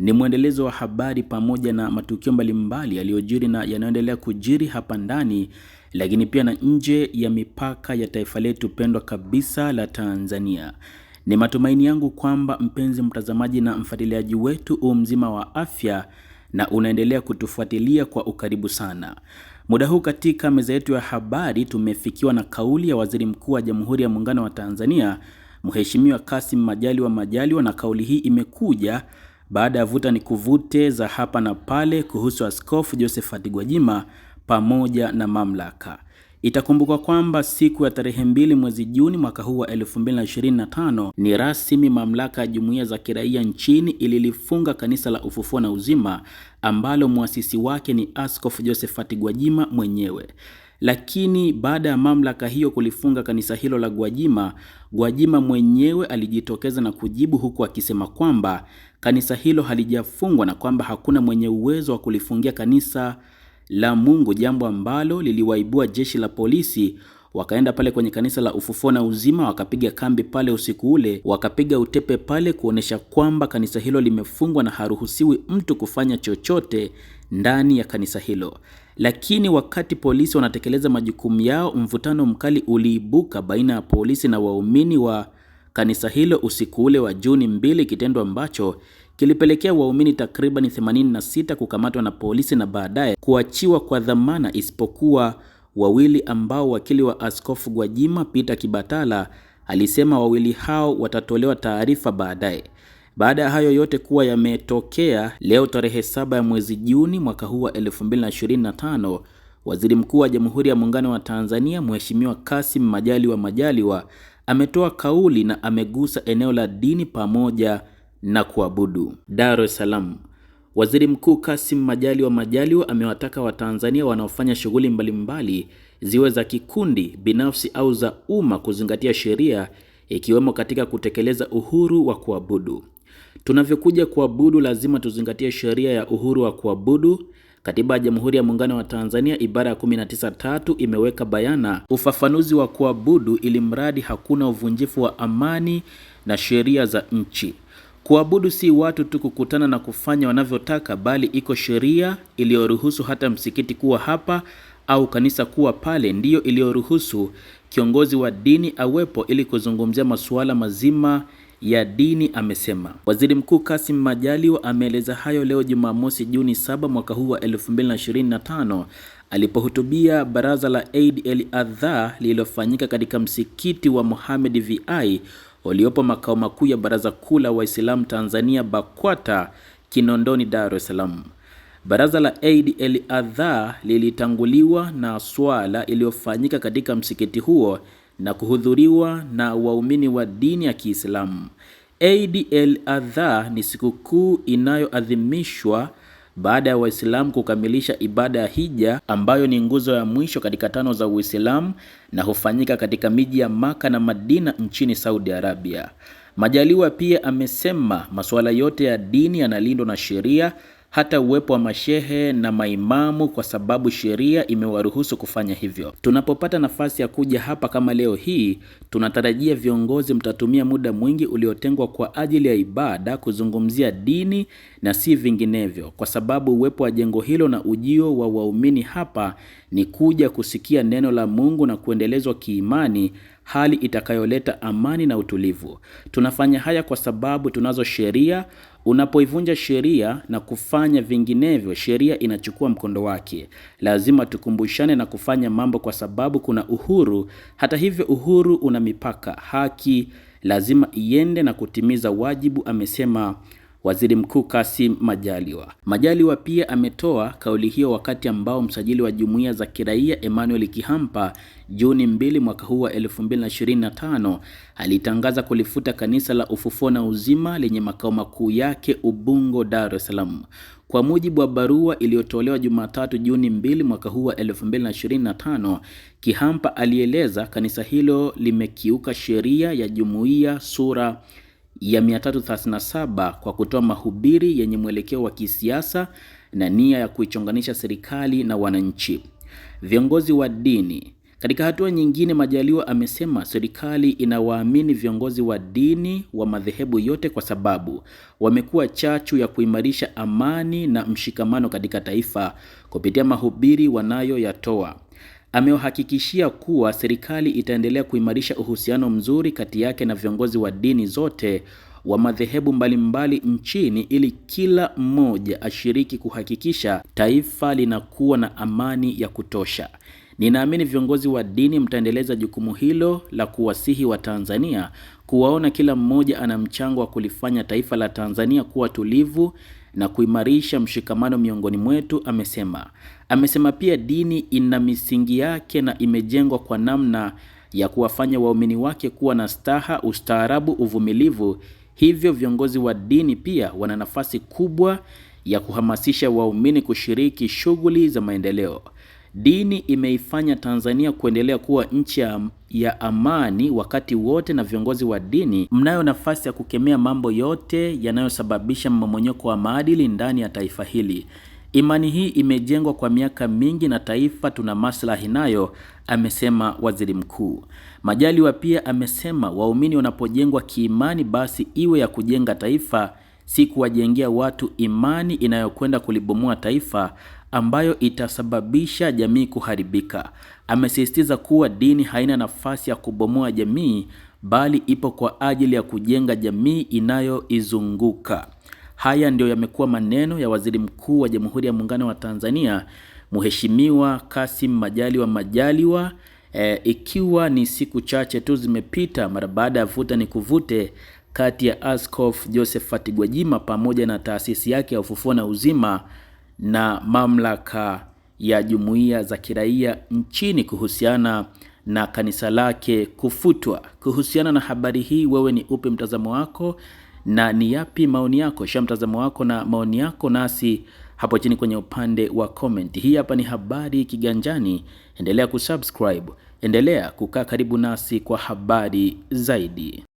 Ni mwendelezo wa habari pamoja na matukio mbalimbali yaliyojiri na yanayoendelea kujiri hapa ndani, lakini pia na nje ya mipaka ya taifa letu pendwa kabisa la Tanzania. Ni matumaini yangu kwamba mpenzi mtazamaji na mfuatiliaji wetu u mzima wa afya na unaendelea kutufuatilia kwa ukaribu sana. Muda huu katika meza yetu ya habari tumefikiwa na kauli ya Waziri Mkuu wa Jamhuri ya Muungano wa Tanzania Mheshimiwa Kassim Majaliwa Majaliwa, na kauli hii imekuja baada ya vuta ni kuvute za hapa na pale kuhusu Askofu Josephat Gwajima pamoja na mamlaka. Itakumbukwa kwamba siku ya tarehe mbili mwezi Juni mwaka huu wa 2025 ni rasmi mamlaka ya jumuiya za kiraia nchini ililifunga kanisa la Ufufuo na Uzima ambalo mwasisi wake ni Askofu Josephat Gwajima mwenyewe. Lakini baada ya mamlaka hiyo kulifunga kanisa hilo la Gwajima, Gwajima mwenyewe alijitokeza na kujibu huku akisema kwamba kanisa hilo halijafungwa na kwamba hakuna mwenye uwezo wa kulifungia kanisa la Mungu, jambo ambalo liliwaibua jeshi la polisi wakaenda pale kwenye kanisa la Ufufuo na Uzima, wakapiga kambi pale usiku ule, wakapiga utepe pale kuonyesha kwamba kanisa hilo limefungwa na haruhusiwi mtu kufanya chochote ndani ya kanisa hilo. Lakini wakati polisi wanatekeleza majukumu yao, mvutano mkali uliibuka baina ya polisi na waumini wa kanisa hilo usiku ule wa Juni mbili, kitendo ambacho kilipelekea waumini takriban 86 kukamatwa na polisi na baadaye kuachiwa kwa dhamana isipokuwa wawili ambao wakili wa Askofu Gwajima Peter Kibatala alisema wawili hao watatolewa taarifa baadaye. Baada ya hayo yote kuwa yametokea, leo tarehe saba ya mwezi Juni mwaka huu wa 2025, Waziri Mkuu wa Jamhuri ya Muungano wa Tanzania Mheshimiwa Kassim Majaliwa Majaliwa ametoa kauli na amegusa eneo la dini pamoja na kuabudu. Dar es Salaam. Waziri Mkuu Kassim Majaliwa Majaliwa amewataka Watanzania wanaofanya shughuli mbalimbali ziwe za kikundi, binafsi au za umma kuzingatia sheria ikiwemo katika kutekeleza uhuru wa kuabudu. Tunavyokuja kuabudu, lazima tuzingatie sheria ya uhuru wa kuabudu. Katiba ya Jamhuri ya Muungano wa Tanzania ibara ya 193 imeweka bayana ufafanuzi wa kuabudu, ili mradi hakuna uvunjifu wa amani na sheria za nchi. Kuabudu si watu tu kukutana na kufanya wanavyotaka, bali iko sheria iliyoruhusu hata msikiti kuwa hapa au kanisa kuwa pale, ndiyo iliyoruhusu kiongozi wa dini awepo ili kuzungumzia masuala mazima ya dini, amesema. Waziri Mkuu Kassim Majaliwa ameeleza hayo leo Jumamosi Juni 7 mwaka huu wa 2025 Alipohutubia baraza la Eid el Adha lililofanyika katika msikiti wa Mohamed VI uliopo makao makuu ya Baraza Kuu la Waislamu Tanzania BAKWATA Kinondoni, Dar es Salaam. Baraza la Eid el Adha lilitanguliwa na swala iliyofanyika katika msikiti huo na kuhudhuriwa na waumini wa dini ya Kiislamu. Eid el Adha ni sikukuu inayoadhimishwa baada ya Waislamu kukamilisha ibada ya hija ambayo ni nguzo ya mwisho katika tano za Uislamu na hufanyika katika miji ya Maka na Madina nchini Saudi Arabia. Majaliwa pia amesema masuala yote ya dini yanalindwa na sheria hata uwepo wa mashehe na maimamu, kwa sababu sheria imewaruhusu kufanya hivyo. Tunapopata nafasi ya kuja hapa kama leo hii, tunatarajia viongozi mtatumia muda mwingi uliotengwa kwa ajili ya ibada kuzungumzia dini na si vinginevyo, kwa sababu uwepo wa jengo hilo na ujio wa waumini hapa ni kuja kusikia neno la Mungu na kuendelezwa kiimani hali itakayoleta amani na utulivu. Tunafanya haya kwa sababu tunazo sheria. Unapoivunja sheria na kufanya vinginevyo, sheria inachukua mkondo wake. Lazima tukumbushane na kufanya mambo kwa sababu kuna uhuru. Hata hivyo, uhuru una mipaka. Haki lazima iende na kutimiza wajibu, amesema Waziri Mkuu Kassim Majaliwa. Majaliwa pia ametoa kauli hiyo wakati ambao msajili wa jumuiya za kiraia Emmanuel Kihampa Juni mbili mwaka huu wa 2025 alitangaza kulifuta kanisa la Ufufuo na Uzima lenye makao makuu yake Ubungo, Dar es Salaam. Kwa mujibu wa barua iliyotolewa Jumatatu Juni mbili mwaka huu wa 2025, Kihampa alieleza kanisa hilo limekiuka sheria ya jumuiya sura ya 337 kwa kutoa mahubiri yenye mwelekeo wa kisiasa na nia ya kuichonganisha serikali na wananchi. Viongozi wa dini. Katika hatua nyingine, Majaliwa amesema serikali inawaamini viongozi wa dini wa madhehebu yote kwa sababu wamekuwa chachu ya kuimarisha amani na mshikamano katika taifa kupitia mahubiri wanayoyatoa amewahakikishia kuwa serikali itaendelea kuimarisha uhusiano mzuri kati yake na viongozi wa dini zote wa madhehebu mbalimbali nchini ili kila mmoja ashiriki kuhakikisha taifa linakuwa na amani ya kutosha. Ninaamini viongozi wa dini mtaendeleza jukumu hilo la kuwasihi wa Tanzania kuwaona kila mmoja ana mchango wa kulifanya taifa la Tanzania kuwa tulivu na kuimarisha mshikamano miongoni mwetu, amesema. Amesema pia dini ina misingi yake na imejengwa kwa namna ya kuwafanya waumini wake kuwa na staha, ustaarabu, uvumilivu. Hivyo viongozi wa dini pia wana nafasi kubwa ya kuhamasisha waumini kushiriki shughuli za maendeleo. Dini imeifanya Tanzania kuendelea kuwa nchi ya amani wakati wote, na viongozi wa dini mnayo nafasi ya kukemea mambo yote yanayosababisha mmomonyoko wa maadili ndani ya taifa hili. Imani hii imejengwa kwa miaka mingi na taifa tuna maslahi nayo, amesema waziri mkuu. Majaliwa pia amesema waumini wanapojengwa kiimani, basi iwe ya kujenga taifa, si kuwajengea watu imani inayokwenda kulibomoa taifa ambayo itasababisha jamii kuharibika. Amesisitiza kuwa dini haina nafasi ya kubomoa jamii bali ipo kwa ajili ya kujenga jamii inayoizunguka. Haya ndio yamekuwa maneno ya Waziri Mkuu wa Jamhuri ya Muungano wa Tanzania Mheshimiwa Kassim Majaliwa Majaliwa e, ikiwa ni siku chache tu zimepita mara baada ya vuta ni kuvute kati ya Askofu Josephat Gwajima pamoja na taasisi yake ya Ufufuo na Uzima na mamlaka ya jumuiya za kiraia nchini kuhusiana na kanisa lake kufutwa. Kuhusiana na habari hii, wewe ni upe mtazamo wako? na ni yapi maoni yako, sha mtazamo wako na maoni yako nasi hapo chini kwenye upande wa comment. Hii hapa ni habari Kiganjani. Endelea kusubscribe, endelea kukaa karibu nasi kwa habari zaidi.